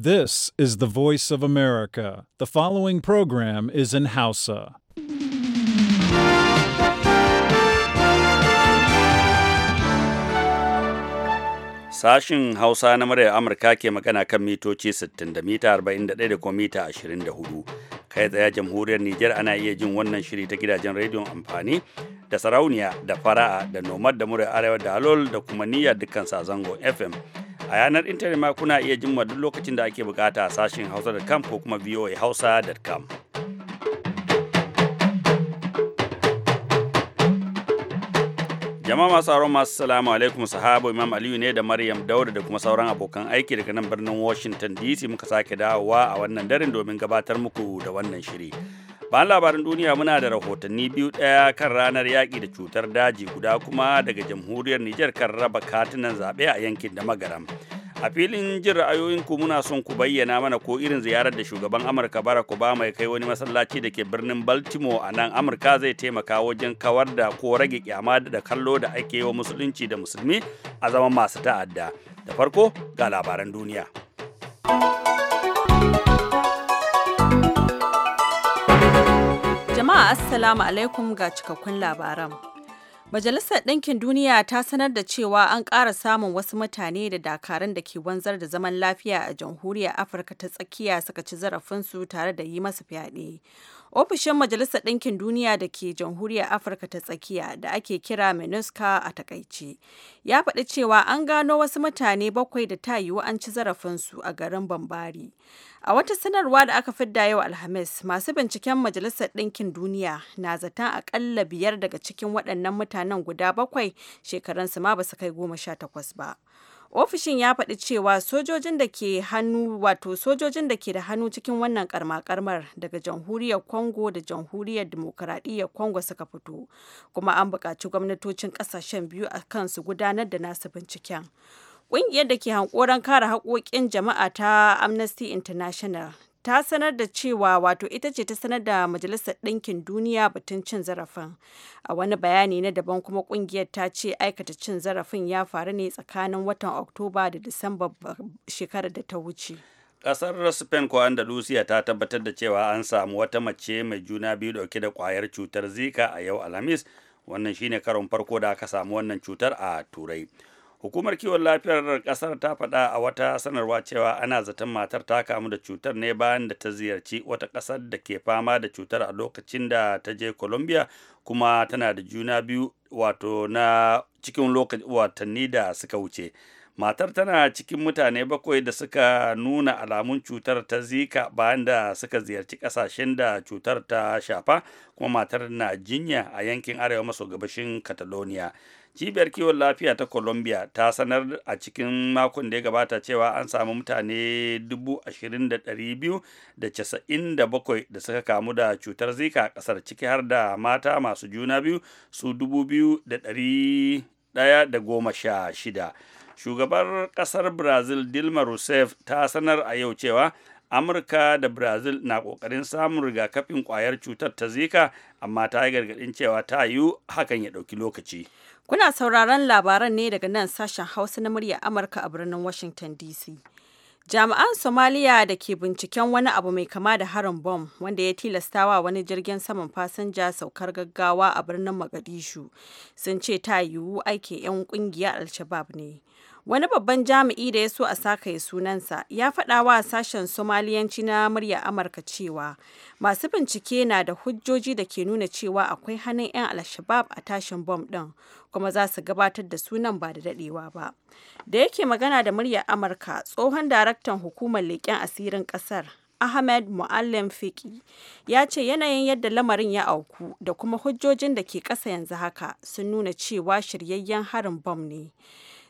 This is the voice of America. The following program is in Hausa. Sashin Hausa na muryar Amurka ke magana kan mitoci 60 da mita 41 da kuma mita 24. Kai tsaye jamhuriyar Nijar ana iya jin wannan shiri ta gidajen rediyon amfani da sarauniya da fara'a da nomad da muryar arewa da halol da kuma niyyar dukkan sazangon FM. a yanar intanet ma kuna iya jin duk lokacin da ake bukata a sashen hausa.com ko kuma voahausa.com jama'a masu aron masu salamu alaikum sahabo imam aliyu ne da maryam dauda da kuma sauran abokan aiki daga nan birnin washington dc muka sake dawowa a wannan darin domin gabatar muku da wannan shiri bayan labaran duniya muna da rahotanni biyu ɗaya kan ranar yaƙi da cutar daji guda kuma daga jamhuriyar nijar kan raba katunan zaɓe a yankin da magaram a filin jin ra'ayoyinku muna son ku bayyana mana ko irin ziyarar da shugaban amurka barack obama ya kai wani masallaci da ke birnin baltimore a nan amurka zai taimaka wajen kawar da ko rage kyama da kallo da ake yi wa musulunci da musulmi a zaman masu ta'adda da farko ga labaran duniya Jama'a Assalamu alaikum ga cikakkun labaran. Majalisar Ɗinkin Duniya ta sanar da cewa an ƙara samun wasu mutane da dakarun da ke wanzar da zaman lafiya a jamhuriyar Afirka ta tsakiya suka ci zarafinsu tare da yi masa fyaɗe. Ofishin Majalisar Ɗinkin Duniya da ke Jamhuriyar Afirka ta Tsakiya da ake kira MINUSCA a takaice ya faɗi cewa an gano wasu mutane bakwai da ta yiwu an ci zarafinsu a garin Bambari. A wata sanarwa da aka fidda yau Alhamis, masu binciken Majalisar Ɗinkin Duniya na zaton akalla biyar daga cikin waɗannan mutanen guda bakwai shekarunsu ma ba su kai goma sha takwas ba. ofishin ya faɗi cewa sojojin da ke hannu wato sojojin da ke da hannu cikin wannan karma-karmar daga jamhuriyar congo da jamhuriyar demokuraɗiyyar congo suka fito kuma an buƙaci gwamnatocin ƙasashen biyu a kansu gudanar da nasu binciken ƙungiyar da ke hankoron kare haƙoƙin jama'a ta amnesty international ta sanar da cewa wato ita ce ta sanar da majalisar ɗinkin duniya batun cin zarafin a wani bayani na daban kuma kungiyar ta ce aikata cin zarafin ya faru ne tsakanin watan oktoba da disamba shekarar da ta wuce kasar spain ko andalusia ta tabbatar da cewa an samu wata mace mai juna biyu dauke da kwayar cutar zika a yau alhamis wannan shine karon farko da aka samu wannan cutar a turai hukumar kiwon lafiyar kasar ta faɗa a wata sanarwa cewa ana zaton matar ta kamu da cutar ne bayan da ta ziyarci wata kasar da ke fama da cutar a lokacin da ta je colombia kuma tana da juna biyu wato na cikin watanni da suka wuce matar tana cikin mutane bakwai da suka nuna alamun cutar ta zika bayan da suka ziyarci kasashen da cutar ta shafa kuma matar na jinya a yankin arewa maso gabashin catalonia cibiyar kiwon lafiya ta colombia ta sanar a cikin makon da ya gabata cewa an samu mutane 20,297 da suka kamu da cutar zika a kasar ciki har da mata masu juna biyu su 2,116 shugabar kasar brazil dilma rousseff ta sanar a yau cewa amurka da brazil na kokarin samun rigakafin kwayar cutar ta zika amma ta yi gargadin cewa ta yiwu hakan ya dauki lokaci Kuna sauraron labaran ne daga nan sashen Hausa na muryar Amurka a birnin Washington DC. Jami'an Somaliya da ke binciken wani abu mai kama da harin bom wanda ya tilastawa wani jirgin saman fasinja saukar gaggawa a birnin Mogadishu sun ce ta yiwu aike 'yan kungiyar al ne. Wani babban jami'i da ya so a sakaye sunansa ya faɗa wa sashen Somaliyanci na murya Amurka cewa masu bincike na da hujjoji da ke nuna cewa akwai hannun 'yan Alshabab a tashin bom ɗin kuma za su gabatar da sunan ba da daɗewa ba. Da yake magana da murya Amurka tsohon daraktan hukumar leƙen asirin ƙasar Ahmed Muallim Fiki ya ce yanayin yadda lamarin ya auku da kuma hujjojin da ke ƙasa yanzu haka sun nuna cewa shiryayyen harin bom ne.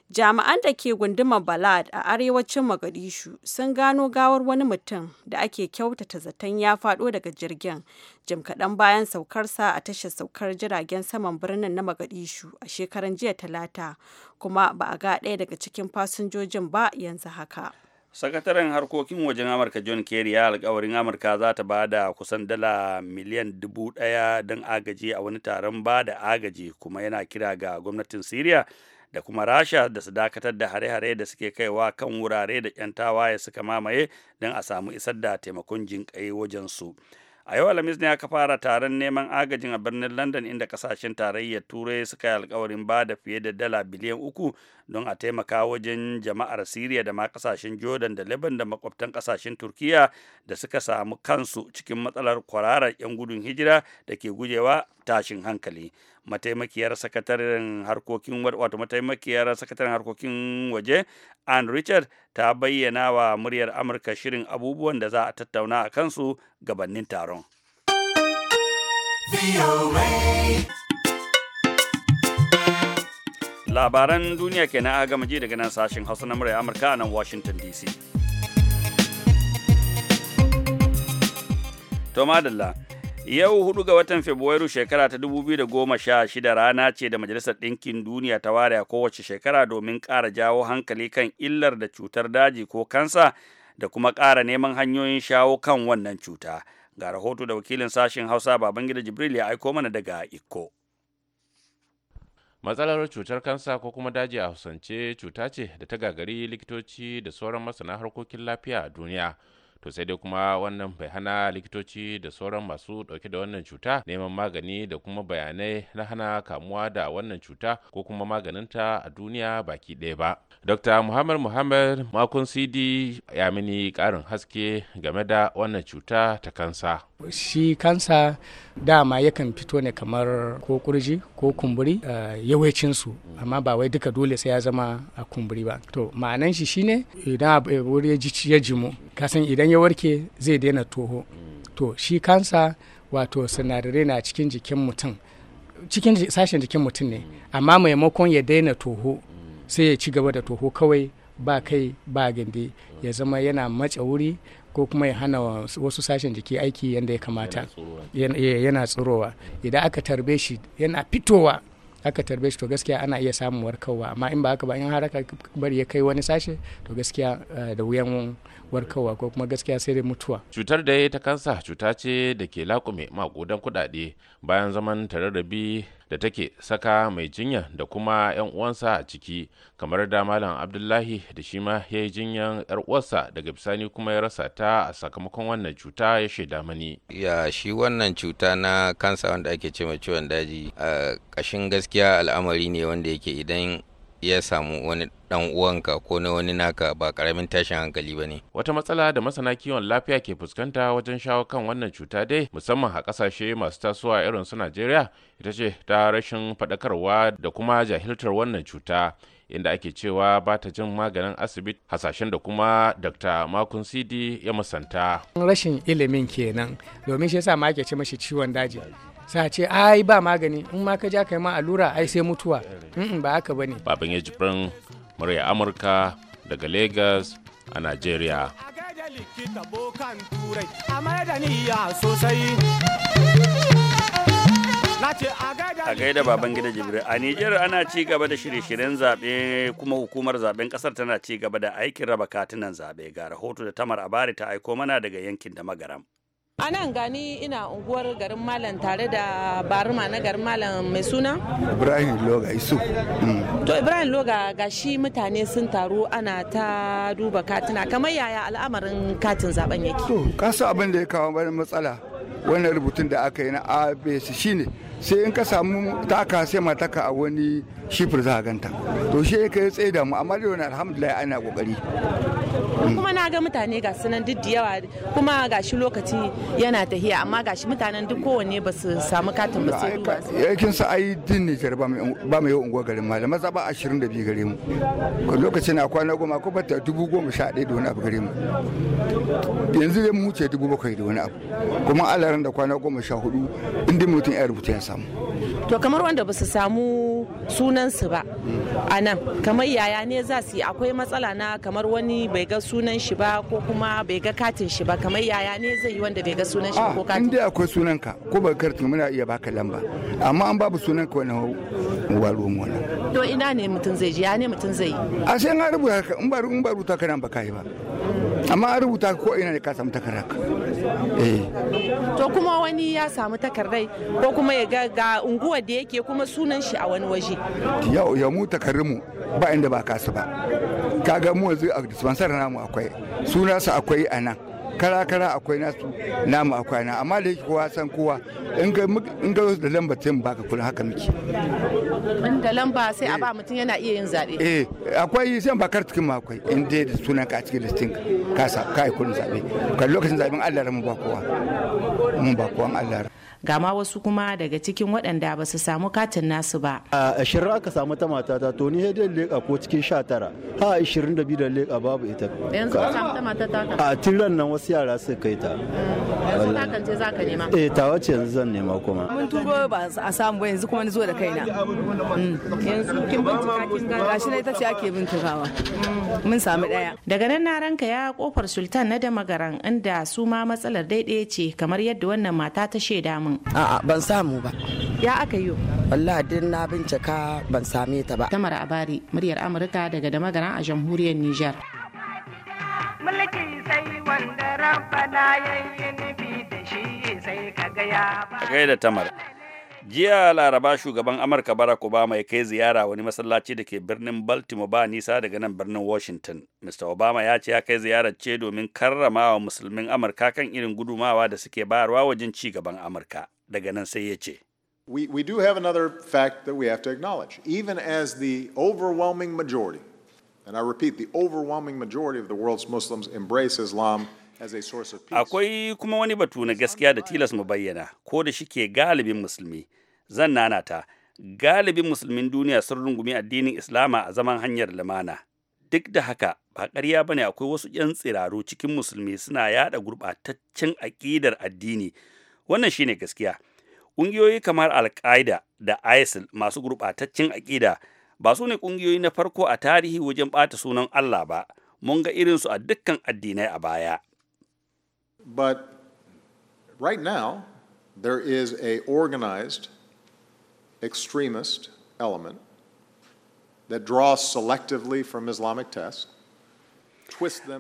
Jami'an da ke gundumar Balad a arewacin magadishu sun gano gawar wani mutum da ake kyautata zaton ya fado daga jirgin jim kaɗan bayan saukarsa a tashar saukar jiragen saman birnin na magadishu a shekaran jiya Talata, kuma ba a ga ɗaya daga cikin fasinjojin ba yanzu haka. sakataren harkokin wajen amurka john kerry ya alkawarin amurka za ta ba da kusan dala miliyan dubu ɗaya don agaji a wani taron ba da agaji kuma yana kira ga gwamnatin syria da kuma rasha da su dakatar da hare-hare da suke kaiwa kan wurare da 'yan tawaye suka mamaye don a samu isar da taimakon jinƙai wajen su a yau alhamis ne aka fara taron neman agajin a birnin london inda kasashen tarayyar turai suka yi alkawarin ba da fiye da dala biliyan uku don a taimaka wajen jama'ar siriya da ma kasashen jordan da leban da makwabtan kasashen turkiya da suka samu kansu cikin matsalar kwararar 'yan gudun hijira da ke gujewa tashin hankali mataimakiyar sakataren harkokin wato mataimakiyar sakataren harkokin waje Ann Richard ta bayyana wa muryar Amurka shirin abubuwan da za a tattauna a kansu gabanin taron. Labaran duniya ke na gama ji daga nan sashen Hausa na muryar Amurka a nan Washington DC. To madalla. Yau hudu ga watan Fabrairu shekara ta dubu biyu da goma sha shida rana ce da Majalisar Ɗinkin Duniya ta ware a kowace shekara domin ƙara jawo hankali kan illar da cutar daji ko kansa da kuma ƙara neman hanyoyin shawo kan wannan cuta. Ga rahoto da wakilin sashen Hausa Babangida Jibril ya aiko mana daga iko. matsalar cutar kansa ko kuma daji a hausance cuta ce da ta gagari likitoci da sauran masana harkokin lafiya a duniya to sai dai kuma wannan bai hana likitoci da sauran masu dauke da wannan cuta neman magani da kuma bayanai na hana kamuwa da wannan cuta ko kuma maganinta a duniya baki ɗaya ba dr muhammad muhammad makon cd ya mini ƙarin haske game da wannan cuta ta kansa shi kansa dama yakan fito ne kamar ko kurji ko kumburi eh, yawancin su amma ba wai duka dole sai ya zama a kumburi ba to ma'anan shi shine idan eh, wuri ya jimu kasan idan ya warke zai daina toho to shi kansa wato sinadarai na cikin jikin mutum cikin sashen jikin mutum ne amma maimakon ya daina toho sai ya ci gaba da toho kawai ba kai ba gindi ya zama yana matse wuri ko kuma ya hana wasu sashen jiki aiki yadda ya kamata yana tsirowa eh, idan aka tarbe shi yana fitowa aka tarbe shi to gaskiya ana iya samun warkarwa amma in ba haka ba in har bari ya kai wani sashe to gaskiya eh, da wuyan warkarwa ko kuma gaskiya sai da mutuwa cutar da ta kansa cuta ce da ke lakume makudan kudade bayan zaman bi da take saka mai jinya da kuma 'yan uwansa a ciki kamar da malam abdullahi da shi ma ya yi jinyan 'yar uwarsa daga bisani kuma ya rasa ta a sakamakon wannan cuta ya shaida mani ya shi wannan cuta na kansa wanda ake ce ciwon daji a ƙashin gaskiya al'amari ne wanda yake idan ya samu wani dan uwanka ko na wani naka ba karamin tashin hankali ba ne. Wata matsala da masana kiwon lafiya ke fuskanta wajen shawo kan wannan cuta dai musamman a kasashe masu tasowa irin su Najeriya ita ce ta rashin faɗakarwa da kuma jahiltar wannan cuta. inda ake cewa ba ta jin maganin asibiti hasashen da kuma dr makun sidi ya musanta rashin ilimin kenan domin shi yasa ma ake ce mashi ciwon daji sace ce ai ba magani in ma ka ja kai ma allura ai sai mutuwa ba haka bane baban ya jibrin murya amurka daga lagos a nigeria a da gaida baban gida jibril a nijar ana ci gaba da shirye-shiryen zaɓe kuma hukumar zaɓen ƙasar tana ci gaba da aikin raba katunan zaɓe ga rahoto da tamar abari ta aiko mana daga yankin da magaram a nan gani ina unguwar garin malam tare da baruma na garin malam mai suna ibrahim loga isu mm. to ibrahim loga ga shi mutane sun taru ana ta duba katina kamar yaya al'amarin katin zaben yake to kasu abin da ya kawo bayan matsala wannan rubutun da aka yi na abc shine sai in ka samu taka sai ma taka a wani shifir za a ganta to shi ka yi tsaye da mu amma da alhamdulillah ana kokari mm. kuma na ga mutane ga sunan duk da yawa kuma ga shi lokaci yana tahiya amma ga shi mutanen duk kowanne ba su samu katin ba sai ruwa yakin eh, sa ai din Nijar ba mai unguwa garin malama za ba 22 gare mu lokacin na kwana goma ko bata dubu goma sha daya da wani abu gare mu yanzu dai mu wuce dubu bakwai da wani abu kuma alaran da kwana goma sha hudu inda mutum ya rubuta ya samu to kamar wanda ba su samu sunansu ba a nan kamar yaya ne za su yi akwai matsala na kamar wani bai ga sunan shi ba ko kuma bai ga katin shi ba kamar yaya ne zai yi wanda bai ga sunan shi ko ah, katin inda akwai sunanka ko ba kartin muna iya baka lamba amma an babu sunanka wani waro mu to ina ne mutum zai ji ya ne mutum zai yi a sai an rubuta ka, in ba rubuta nan ba kai ba amma an rubuta ko ina da ka samu eh to kuma wani ya samu takardai ko kuma ya ga ga unguwar da yake kuma sunan shi a wani waje yau ya mu takarrinmu ba inda ba kasu ba kaga mu yanzu a dispensary namu akwai sunansa akwai anan. kara-kara akwai nasu namu akwai na amma da yake kowa san kowa in ga da lamba sai mu baka kullum haka muke in da lamba sai a ba mutum yana iya yin zaɓe eh akwai sai ba kar cikin ma akwai in dai da sunan ka cikin listin ka sa kai kullum zaɓe kan lokacin zaɓen Allah ramu ba kowa mun ba kowa Allah ga ma wasu kuma daga cikin waɗanda ba su samu katin nasu ba. A ashirin aka samu ta matata to ni hedin leƙa ko cikin sha tara ha ashirin da biyu da leƙa babu ita. Yanzu ka samu ta matata. A tilan nan wasu wasu yara su kai ta yanzu ta za ka nema eh ta wace yanzu zan nema kuma mun turo ba a samu ba yanzu kuma ni zo da kaina mm. yanzu kin bincika kin ga gashi ne ce ake bincikawa mm. mun samu daya daga nan na ranka ya kofar sultan na da magaran inda su ma matsalar daidai ce kamar yadda wannan mata ta shaida min a'a ban samu ba ya aka yi wallahi din na bincika ban same ta ba tamara abari muryar amurka daga da magaran a jamhuriyar niger mulki sai wanda rabbana yayi nufi da shi sai ka gaya ba da tamar jiya laraba shugaban amurka barack obama ya kai ziyara wani masallaci da ke birnin baltimore ba nisa daga nan birnin washington mr obama ya ce ya kai ziyarar ce domin karrama wa musulmin amurka kan irin gudumawa da suke bayarwa wajen ci gaban amurka daga nan sai ya ce We, we do have another fact that we have to acknowledge. Even as the overwhelming majority And I repeat, the overwhelming majority of the world's Muslims embrace Islam Akwai kuma wani batu na gaskiya da tilas mu bayyana, ko da shike galibin musulmi, zan nanata, galibin musulmin duniya sun rungumi addinin Islama a zaman hanyar lamana Duk da haka, ba ƙarya bane akwai wasu 'yan tsiraru cikin musulmi suna yada gurɓataccen aƙidar addini. Wannan shine gaskiya. Ƙungiyoyi kamar al qaeda da ISIL masu gurɓataccen aƙida ba su ne ƙungiyoyi na farko a tarihi wajen ɓata sunan Allah ba mun ga irinsu a dukkan addinai a baya but right now there is a organized extremist element that draws selectively from Islamic tests.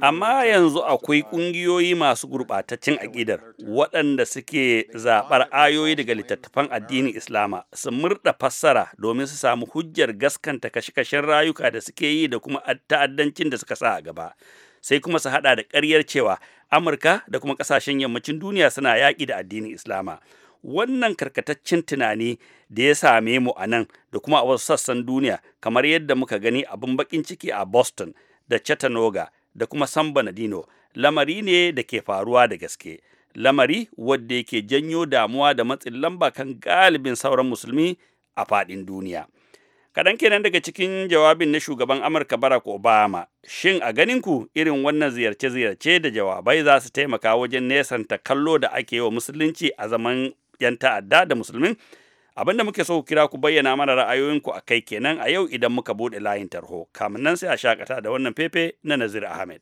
amma yanzu akwai ƙungiyoyi masu gurɓataccen aƙidar waɗanda suke zaɓar ayoyi daga littattafan addinin islama su murɗa fassara domin su samu hujjar gaskanta kashe-kashen rayuka da suke yi da kuma ta'addancin da suka sa a gaba sai kuma su haɗa da ƙaryar cewa amurka da kuma ƙasashen yammacin duniya suna yaƙi da addinin islama wannan karkataccen tunani da ya same mu a nan da kuma a wasu sassan duniya kamar yadda muka gani abin baƙin ciki a boston da chattanooga da kuma San Bernardino lamari ne da ke faruwa da gaske. Lamari wadda yake janyo damuwa da matsin lamba kan galibin sauran musulmi a faɗin duniya. Kaɗan kenan daga cikin jawabin na shugaban Amurka Barack Obama, shin a ganinku irin wannan ziyarce-ziyarce da jawabai za su taimaka wajen nesanta kallo da ake yi wa musulunci a zaman 'yan ta'adda da musulmin? abin da muke so ku kira ku bayyana mana ra'ayoyinku a kai kenan a yau idan muka buɗe layin tarho kamun nan sai a shakata da wannan fefe na Nazir Ahmed.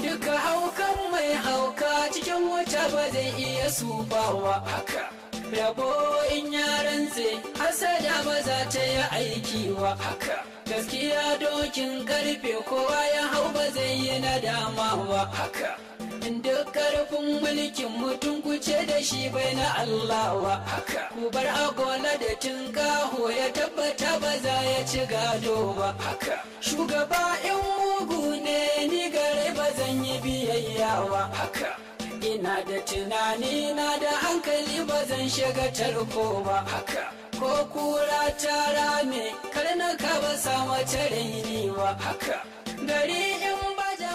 Duka haukan mai hauka cikin wuta ba zai iya sufawa haka. Rabo in yaran rantse, hasada ba za ta yi aiki wa haka. Gaskiya dokin karfe kowa ya hau ba zai yi nadama wa haka. duk karfin mulkin mutum ku ce da shi bai na Allah wa haka ku bar agola da tinkaho ya tabbata ba za ya ci gado ba haka shugaba in mugu ne ni gare ba zan yi biyayya wa haka ina da tunani na da hankali ba zan shiga tarko ba haka ko kura ta rame karnaka ba samu tare ni ba haka gari in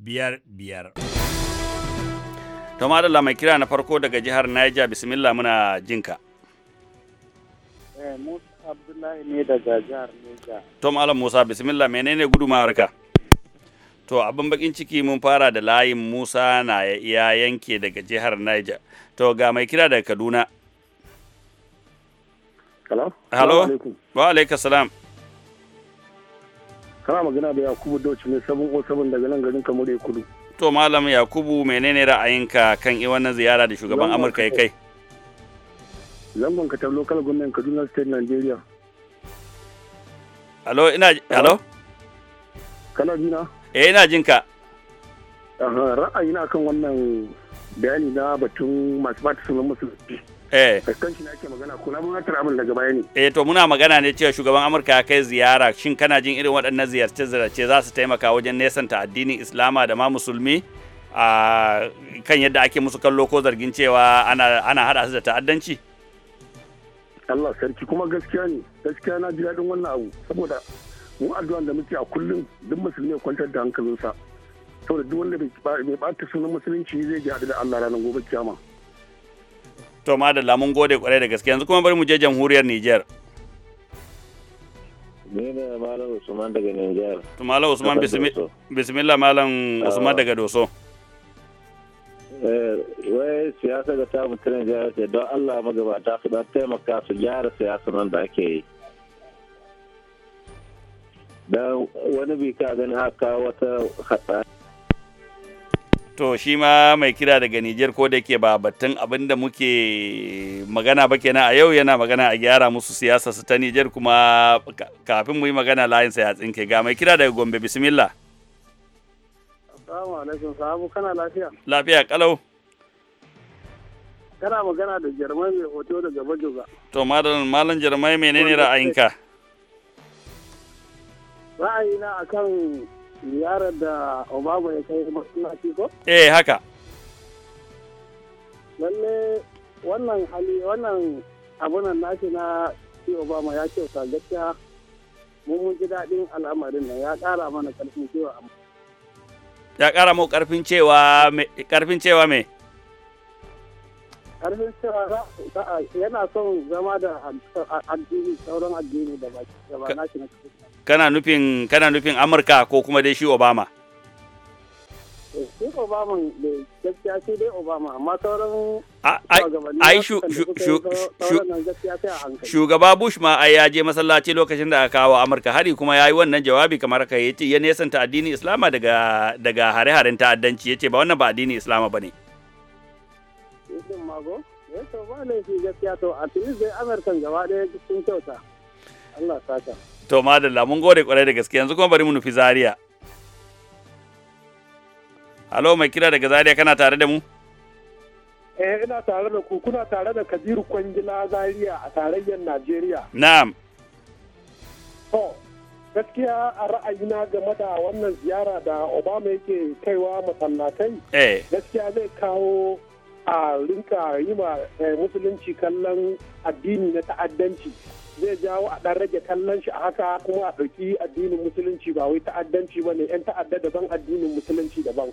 biyar biyar. To adala mai kira na farko daga jihar Niger bismillah muna jinka. Eh Musa Abdullahi ne daga jihar Niger. Musa bismillah menene gudumawarka? To abin bakin ciki mun fara da layin Musa na ya yanke daga jihar Niger. To ga mai kira daga Kaduna. Hello? Hello? Wa alaikum salam. kana magana da yakubu dauci ne sabon ko sabon daga nan garin kamar kudu to malam yakubu menene ra'ayinka kan i wannan ziyara da shugaban amurka ya kai zangon ka tablo kala gwamnan kaduna state nigeria alo ina alo kana jina eh ina jinka ra'ayina kan wannan bayani na batun masu bata sunan musulunci eh kan shi nake magana ko na mun abin daga baya ne eh to muna magana ne cewa shugaban Amurka ya kai ziyara shin kana jin irin waɗannan ziyarce ziyarce za su taimaka wajen nesanta addinin Islama da ma musulmi a kan yadda ake musu kallo ko zargin cewa ana ana hada su da ta'addanci Allah sarki kuma gaskiya ne gaskiya na ji daɗin wannan abu saboda mu addu'an da muke a kullum duk musulmi ya kwantar da hankalinsa saboda duk wanda bai ɓata sunan musulunci zai ji da Allah ranar gobe kiyama to madalla mun gode kwarai da gaske yanzu kuma bari mu je jamhuriyar Nijar. Ni ne Malam Usman daga Nijar. To Malam Usman bismillah Malam ah. Usman daga Doso. Eh, wai siyasa ga ta mutum jihar ce don Allah magabata su don taimaka su gyara siyasa nan da ake yi. Don wani bi ka gani haka wata hatsari. to shi ma mai kira daga Nijar ko da ke ba batun abin da muke magana ba kenan a yau yana magana a gyara musu siyasa su ta Nijar kuma kafin mu yi magana layin sa ya tsinke ga mai kira daga Gombe bismillah Assalamu alaikum sahabu kana lafiya Lafiya kalau Kana magana da Jarmai mai hoto daga Bajoga To malam malam Jarmai menene ra'ayinka Ra'ayina akan ziyarar da obama ya kai masallaci ko eh haka lalle wannan hali wannan abunan nashi na shi obama ya ce ta gaskiya mun ji daɗin al'amarin nan ya ƙara mana ƙarfin cewa ya ƙara mu ƙarfin cewa me ƙarfin cewa me ƙarfin cewa yana son zama da addini sauran addini da ba nashi na kana nufin kana nufin amurka ko kuma dai shi obama eh, obama eh, ne shugaba bush ma ai ya je masallaci lokacin da aka kawo amurka hari kuma ya yi wannan jawabi kamar haka ya ce ya nesanta addinin islama daga daga hare-haren ta'addanci ya ce ba wannan ba addinin islama ba ne eh, gaba ɗaya sun kyauta allah to madalla mun gode kwarai da gaske yanzu kuma bari mu nufi zaria Halo mai kira daga Zaria kana tare da mu? Eh ina tare da ku kuna tare da Kabiru Kwangila Zaria a tarayyar Najeriya. Na'am. To gaskiya a ra'ayina game da wannan ziyara da Obama yake kaiwa masallatai. Eh. Gaskiya zai kawo a rinka yi ma eh, musulunci kallon addini na ta'addanci. zai jawo a ɗan rage kallon shi a haka kuma a ɗauki addinin musulunci ba wai ta'addanci ba ne 'yan ta'adda daban addinin musulunci daban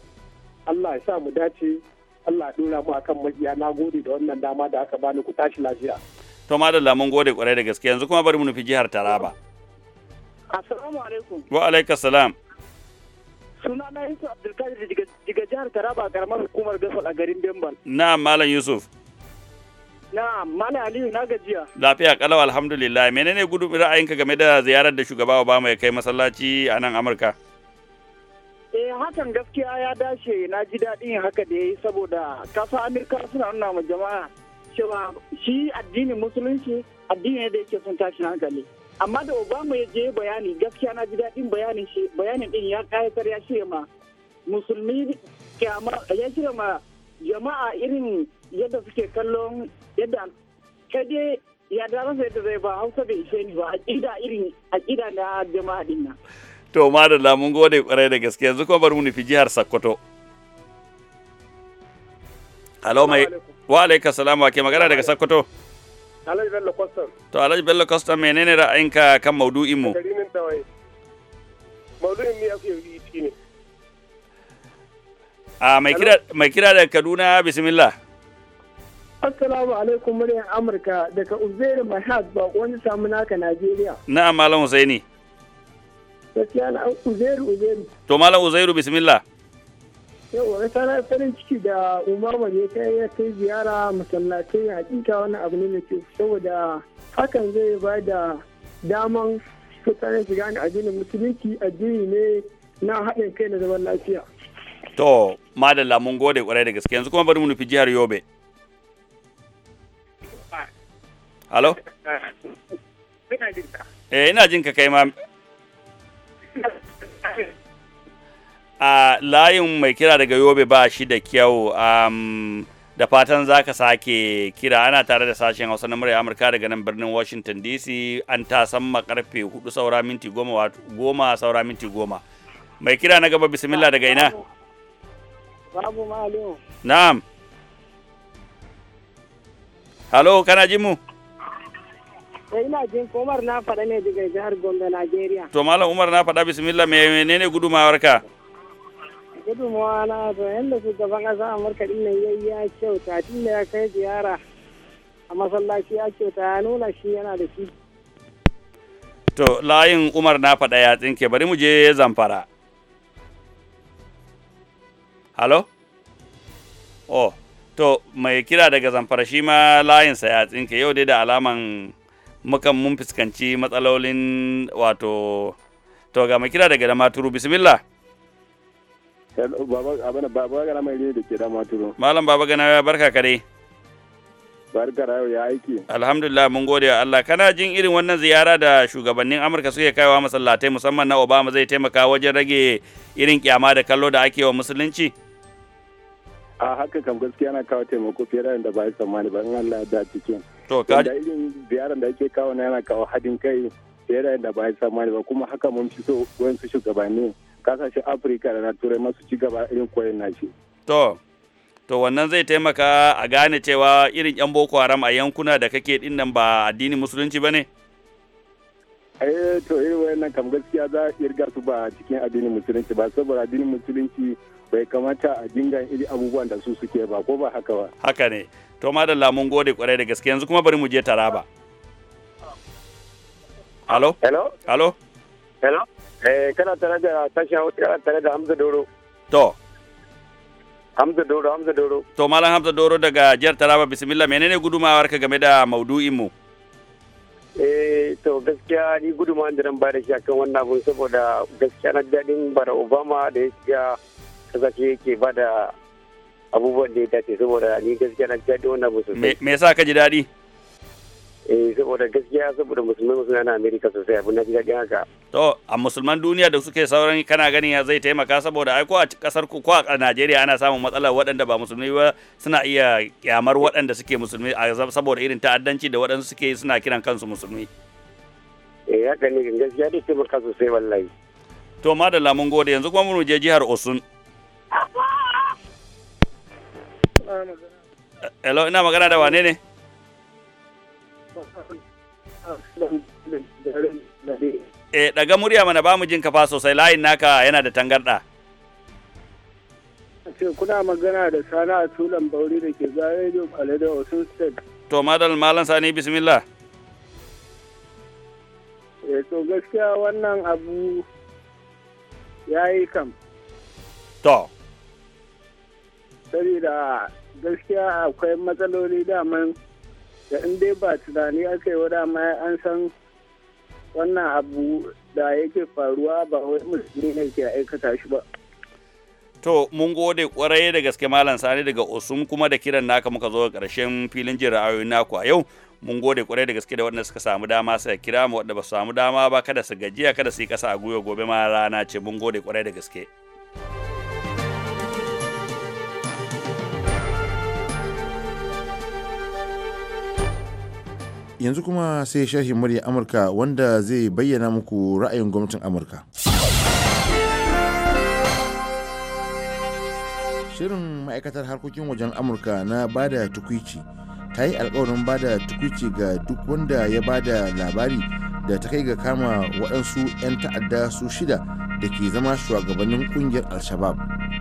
allah ya sa mu dace allah ɗora mu akan makiya na gode da wannan dama da aka bani ku tashi lafiya to madalla mun gode kwarai da gaske yanzu kuma bari mu nufi jihar taraba assalamu alaikum wa alaika salam suna na yusuf abdulkadir daga jihar taraba karamar hukumar gasol a garin denbal. na malam yusuf Na'am, Mala Aliyu na gajiya. Lafiya kalau alhamdulillah. Menene gudu ra'ayinka game da ziyarar da shugaba Obama ya kai masallaci a nan Amurka? Eh hakan gaskiya ya dace na ji daɗin haka da ya yi saboda kasa Amurka suna nuna ma jama'a cewa shi addinin musulunci addini ne da yake son tashin hankali. Amma da Obama ya je bayani gaskiya na ji daɗin bayanin shi bayanin din ya kayatar ya shirya ma musulmi ya shirya ma jama'a irin yadda suke kallon yadda kai dai ya da rasa yadda zai ba hausa bai ishe ni ba a aƙida irin a aƙida na jama'a din nan. to madalla mun gode kwarai da gaske yanzu kuma bari mu nufi jihar sakkwato. Alo mai wa alaika salam wa ke magana daga sakkwato. Alhaji Bello Kwastam. To Alhaji Bello Kwastam menene ra'ayinka kan maudu'in mu? Maudu'in ne ake ah, yi ne. A mai kira mai daga Kaduna bismillah. Assalamu alaikum muryar Amurka daga Uzairu Mahad ba wani samu naka Najeriya. Na'am Malam Husaini. Gaskiya na Uzairu Uzairu. To Malam Uzairu bismillah. Yau wani sana farin ciki da Umar Maje ta ta kai ziyara masallacin hakika wani abu ne mai kyau saboda hakan zai ba da daman mutane shiga ni addinin musulunci addini ne na haɗin kai na zaman lafiya. To, madalla mun gode kwarai da gaske yanzu kuma bari mu nufi jihar Yobe. Halo? Eh, ina jin ka kai ma. A layin mai kira daga Yobe ba shi da kyau. da fatan za ka sake kira ana tare da sashen hausa na murya amurka daga nan birnin washington dc an ta samma karfe hudu saura minti goma, goma saura minti goma mai kira na gaba bismillah daga ina babu malu na'am halo kana ji mu Eh, ina jin Umar na faɗa ne daga jihar Gombe, nigeria. To Malam Umar na faɗa bismillah me menene gudumawar ka? Gudumawa na to yanda shugaban ƙasa Amurka din nan yayi ya kyauta tun da ya kai ziyara a masallaci ya kyauta ya nuna shi yana da shi. To layin Umar na faɗa ya tsinke bari mu je Zamfara. Halo? Oh, to mai kira daga Zamfara shi ma layinsa ya tsinke yau dai da alaman mukan mun fuskanci matsalolin wato to ga mai kira daga damaturu bismillah baba gana mai ne da ke damaturu malam baba gana ya barka kare barka rayo ya aiki alhamdulillah mun gode wa Allah kana jin irin wannan ziyara da shugabannin Amurka suke kaiwa masallatai musamman na Obama zai taimaka wajen rage irin kyama da kallo da ake wa musulunci a haka kam gaskiya na kawo taimako fiye da yadda ba ya tsammani ba in Allah ya da cikin to ka irin ziyarar da ake kawo na yana kawo hadin kai fiye da yadda ba ya ba kuma haka mun fi so su shugabanni kasashen afirka da na turai masu ci gaba irin koyon nashi to to wannan zai taimaka a gane cewa irin yan boko haram a yankuna da kake din nan ba addinin musulunci ba ne eh to irin wayannan kam gaskiya za a kirga su ba cikin addinin musulunci ba saboda addinin musulunci bai kamata a dinga iri abubuwan da su suke ba ko ba haka ba haka ne to madalla mun gode kwarai da gaske yanzu kuma bari mu je taraba alo hello alo hello eh kana tare da tashin hausa kana tare da hamza doro to hamza doro hamza doro to malam hamza doro daga jihar taraba bismillah menene gudumawar ka game da maudu'in mu eh to gaskiya ni gudumawar da nan ba da shi akan wannan abun saboda gaskiya na daɗin bara obama da ya kasashe yake ba da abubuwan da ya dace saboda ni gaskiya na ji wannan abu Me yasa ka ji daɗi? Eh saboda gaskiya saboda musulmai musulmai na Amerika sosai abu na ji daɗi haka. To a musulman duniya da suke sauran kana ganin ya zai taimaka saboda ai ko a kasar ku ko a Najeriya ana samun matsalar waɗanda ba musulmi ba suna iya kyamar waɗanda suke musulmi saboda irin ta'addanci da waɗansu suke suna kiran kansu musulmi. Eh haka ne gaskiya dai taimaka sosai wallahi. To madalla mun gode yanzu kuma mu je jihar Osun. Hello, ina magana da wane ne? Eh, daga murya mana ba mu jin kafa sosai layin naka yana da tangarɗa. ce kuna magana da sani a tulan bauri da ke zare da kwale da osun state. To, madal malam sani bismillah. Eh, to gaskiya wannan abu ya yi kam. To. saboda gaskiya akwai matsaloli daman da in dai ba tunani aka yi dama an san wannan abu da yake faruwa ba wai musulmi ne ke aikata shi ba to mun gode kwarai da gaske malam sani daga osun kuma da kiran naka muka zo karshen filin jin ra'ayoyin naku a yau mun gode kwarai da gaske da waɗanda suka samu dama sai kira mu waɗanda ba su samu dama ba kada su gajiya kada su yi kasa a gobe ma rana ce mun gode kwarai da gaske yanzu kuma sai sharhin murya amurka wanda zai bayyana muku ra'ayin gwamnatin amurka shirin ma'aikatar harkokin wajen amurka na bada tukwici ta yi alkawarin bada tukwici ga duk wanda ya bada labari da ta kai ga kama waɗansu 'yan ta'adda su shida da ke zama shugabannin kungiyar al-shabab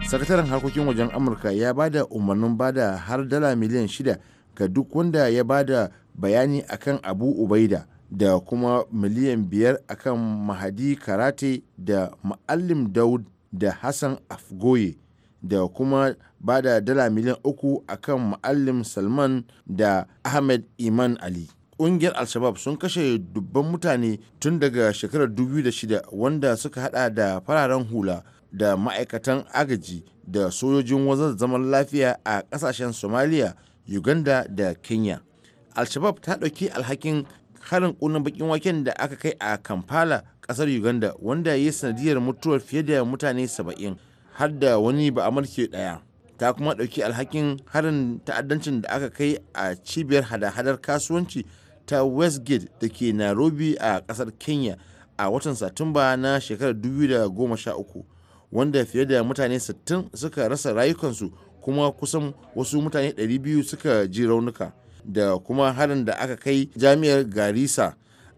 sakataren harkokin wajen amurka ya bada umarnin bada har dala miliyan shida ga duk wanda ya bada bayani akan abu ubaida da kuma miliyan biyar akan mahadi karate da ma'allim daud da hassan afgoye da kuma ba da dala miliyan uku akan ma'allim salman da ahmed iman ali ƙungiyar al-shabab sun kashe dubban mutane tun daga shekarar 2006 wanda suka hada da fararen hula da ma'aikatan agaji da sojojin wazar zaman lafiya a ƙasashen somalia uganda da kenya al-shabab ta ɗauki alhakin harin ƙunan bakin waken da aka kai a kampala ƙasar uganda wanda ya yi sanadiyar mutuwar fiye da mutane saba'in har da wani ba amurke ɗaya ta kuma ɗauki alhakin harin ta'addancin da aka kai a cibiyar hada-hadar kasuwanci ta westgate da ke nairobi a ƙasar kenya a watan satumba na shekarar 2013 wanda fiye da mutane 60 suka rasa rayukansu kuma kusan wasu mutane 200 suka ji raunuka. da kuma harin da aka kai jami'ar garissa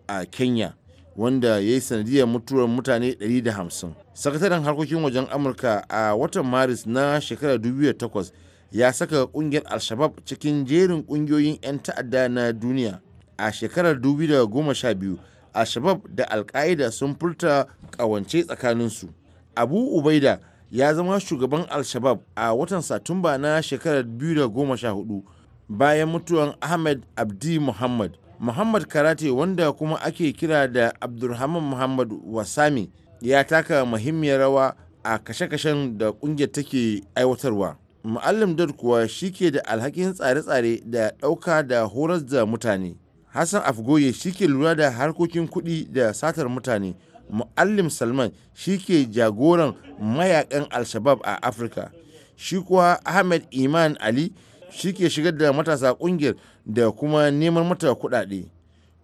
a kenya wanda ya yi sanadiyar mutuwar mutane 150 sakataren harkokin wajen amurka a watan maris na shekarar 2008 ya saka kungiyar alshabab cikin jerin kungiyoyin 'yan ta'adda na duniya a shekarar 2012 al-shabab da alka'ida sun furta kawance tsakaninsu abu ubaida ya zama shugaban alshabab a watan satumba na shekarar 2014 bayan mutuwan ahmed abdi muhammad muhammad karate wanda kuma ake kira da abdulrahman muhammad wasami ya taka muhimmiyar rawa a kashe-kashen da kungiyar take aiwatarwa mu'allim dad kuwa shike da alhakin tsare-tsare da ɗauka da horar da mutane hassan afgoye shike lura da harkokin kuɗi da satar mutane mu'allim salman shike jagoran mayakan al a afirka shi kuwa ahmed iman ali shi ke shigar da matasa kungiyar da kuma neman mata kuɗaɗe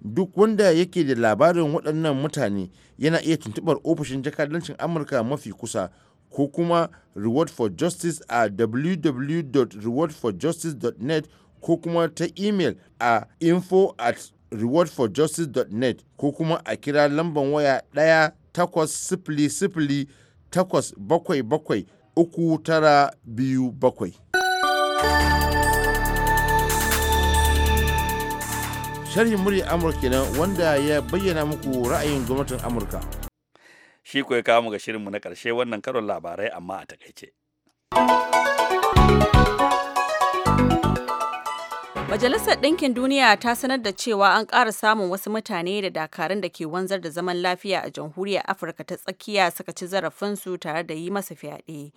duk wanda yake da labarin waɗannan mutane yana iya tuntubar ofishin jakadancin amurka mafi kusa ko kuma reward for justice a www.rewardforjustice.net ko kuma ta email a info at rewardforjustice.net ko kuma a kira lambar waya ɗaya takwas sifili sifili takwas bakwai bakwai uku tara biyu bakwai. sharhin murya amurka kenan wanda ya bayyana muku ra'ayin gwamnatin amurka shi kuwa ya kawo mu ga shirinmu na ƙarshe wannan karon labarai amma a takaice. Majalisar Ɗinkin Duniya ta sanar da cewa an ƙara samun wasu mutane da dakarun da ke wanzar da zaman lafiya a jamhuriyar Afirka ta tsakiya suka ci zarafinsu tare da yi masa fyaɗe.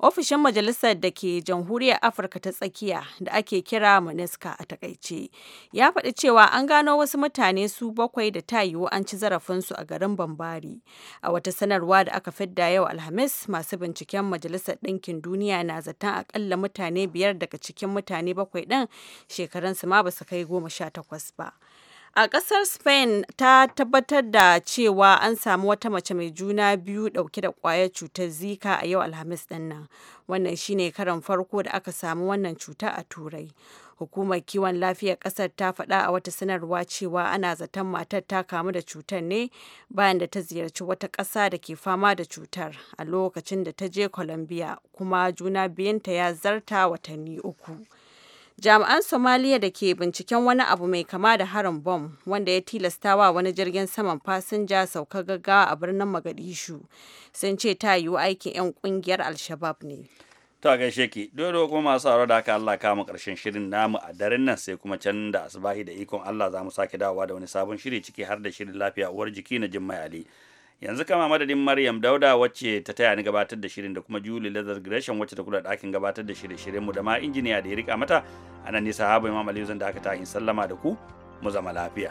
Ofishin Majalisar da ke jamhuriyar Afirka ta tsakiya da ake kira MONUSCA a takaice ya faɗi cewa an gano wasu mutane su bakwai da ta yiwu an ci zarafinsu a garin Bambari. A wata sanarwa da aka fidda yau Alhamis masu binciken Majalisar Ɗinkin Duniya na zaton akalla mutane biyar daga cikin mutane bakwai ɗin shekaru shekarunsu ma ba su kai goma sha takwas ba. A ƙasar Spain ta tabbatar da cewa an samu wata mace mai juna biyu ɗauke da ƙwayar cutar Zika a yau Alhamis ɗin nan. Wannan shine karan farko da aka samu wannan cuta a Turai. Hukumar kiwon lafiyar ƙasar ta faɗa a wata sanarwa cewa ana zaton matar ta kamu da cutar ne bayan da ta ziyarci wata ƙasa da ke fama da cutar a lokacin da ta je Colombia kuma juna biyunta ya zarta watanni uku. Jami'an Somaliya da ke binciken wani abu mai kama da harin bom wanda ya tilasta wa wani jirgin saman fasinja saukar gaggawa a birnin magadishu sun ce ta yi aikin 'yan kungiyar Al-Shabab ne. To gaishe ki, dole kuma masu aro da aka Allah kama karshen shirin namu a daren nan sai kuma can da asbahi da ikon Allah za mu sake dawowa da wani sabon shiri ciki har da shirin lafiya uwar jiki na Jummai Ali. yanzu kama madadin maryam dauda wacce ta taya ni gabatar da shirin da kuma julie leather gresham wacce ta kula ɗakin gabatar da shirye mu da ma injiniya da ya rika mata a nan nisa habu imam aliyu zan da aka tahin sallama da ku mu zama lafiya.